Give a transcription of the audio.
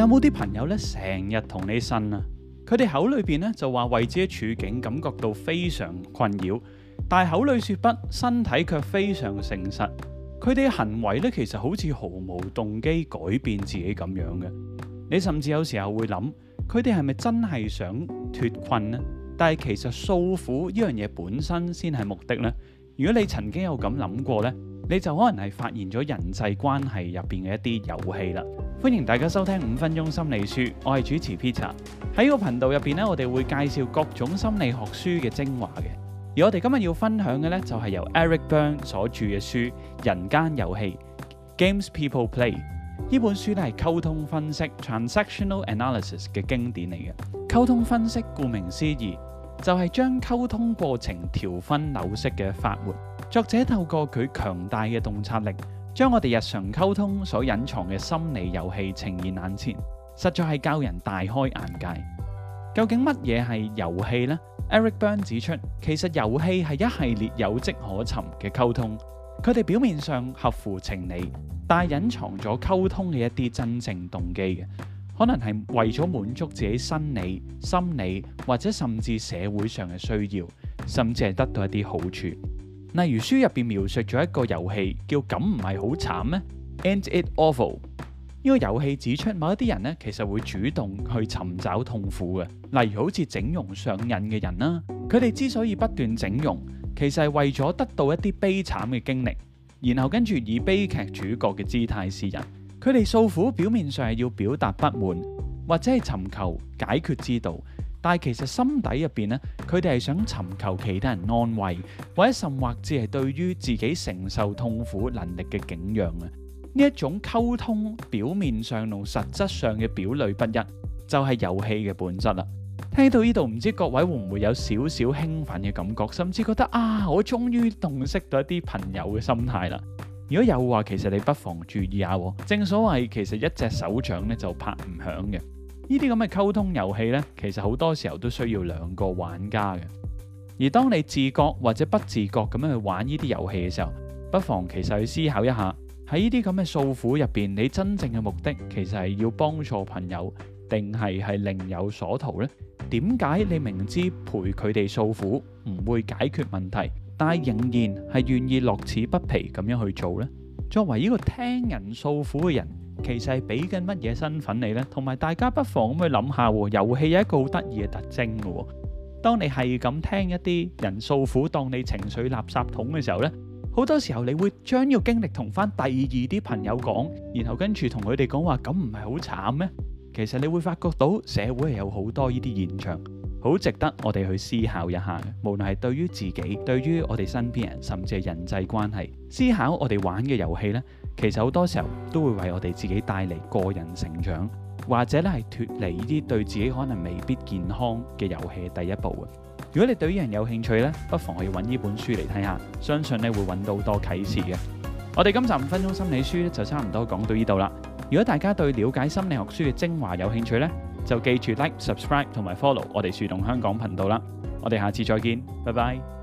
有冇啲朋友咧，成日同你呻啊？佢哋口裡面咧就話為自己處境感覺到非常困擾，但係口裡說不，身體卻非常誠實。佢哋嘅行為咧其實好似毫無動機改變自己咁樣嘅。你甚至有時候會諗，佢哋係咪真係想脫困呢？但係其實訴苦呢樣嘢本身先係目的呢。如果你曾經有咁諗過呢，你就可能係發現咗人際關係入邊嘅一啲遊戲啦！歡迎大家收聽五分鐘心理書，我係主持 Peter。喺個頻道入邊呢我哋會介紹各種心理學書嘅精華嘅。而我哋今日要分享嘅呢，就係由 Eric Berne 所著嘅書《人間遊戲 Games People Play》呢本書呢係溝通分析 Transactional Analysis 嘅經典嚟嘅。溝通分析顧名思義，就係將溝通過程調分扭式嘅法門，作者透過佢強大嘅洞察力，將我哋日常溝通所隱藏嘅心理遊戲呈現眼前，實在係教人大開眼界。究竟乜嘢係遊戲呢？Eric Berne 指出，其實遊戲係一系列有迹可尋嘅溝通，佢哋表面上合乎情理，但隱藏咗溝通嘅一啲真正動機嘅。可能係為咗滿足自己生理、心理或者甚至社會上嘅需要，甚至係得到一啲好處。例如書入邊描述咗一個遊戲，叫咁唔係好慘咩？Ain't It Awful。呢、呢個遊戲指出某一啲人呢，其實會主動去尋找痛苦嘅。例如好似整容上癮嘅人啦、啊，佢哋之所以不斷整容，其實係為咗得到一啲悲慘嘅經歷，然後跟住以悲劇主角嘅姿態示人。佢哋訴苦，表面上係要表達不滿或者係尋求解決之道，但係其實心底入邊呢，佢哋係想尋求其他人安慰，或者甚或至係對於自己承受痛苦能力嘅景仰啊！呢一種溝通，表面上同實質上嘅表裏不一，就係遊戲嘅本質啦。聽到呢度，唔知各位會唔會有少少興奮嘅感覺，甚至覺得啊，我終於洞悉到一啲朋友嘅心態啦。如果有話，其實你不妨注意下喎。正所謂，其實一隻手掌咧就拍唔響嘅。呢啲咁嘅溝通遊戲呢，其實好多時候都需要兩個玩家嘅。而當你自覺或者不自覺咁樣去玩呢啲遊戲嘅時候，不妨其實去思考一下，喺呢啲咁嘅訴苦入邊，你真正嘅目的其實係要幫助朋友，定係係另有所圖呢？點解你明知陪佢哋訴苦唔會解決問題，但係仍然係願意樂此不疲咁樣去做呢。作為一個聽人訴苦嘅人，其實係俾緊乜嘢身份你呢？同埋大家不妨咁去諗下喎。遊戲有一個好得意嘅特徵嘅，當你係咁聽一啲人訴苦，當你情緒垃圾桶嘅時候呢，好多時候你會將要經歷同翻第二啲朋友講，然後跟住同佢哋講話，咁唔係好慘咩？其實你會發覺到社會係有好多呢啲現象。好值得我哋去思考一下嘅，無論係對於自己，對於我哋身邊人，甚至係人際關係，思考我哋玩嘅遊戲咧，其實好多時候都會為我哋自己帶嚟個人成長，或者咧係脫離呢啲對自己可能未必健康嘅遊戲第一步嘅。如果你對呢樣有興趣咧，不妨可以揾呢本書嚟睇下，相信你會揾到多啟示嘅。我哋今集五分鐘心理書就差唔多講到呢度啦。如果大家對了解心理學書嘅精華有興趣咧，就記住 like、subscribe 同埋 follow 我哋樹洞香港頻道啦！我哋下次再見，拜拜。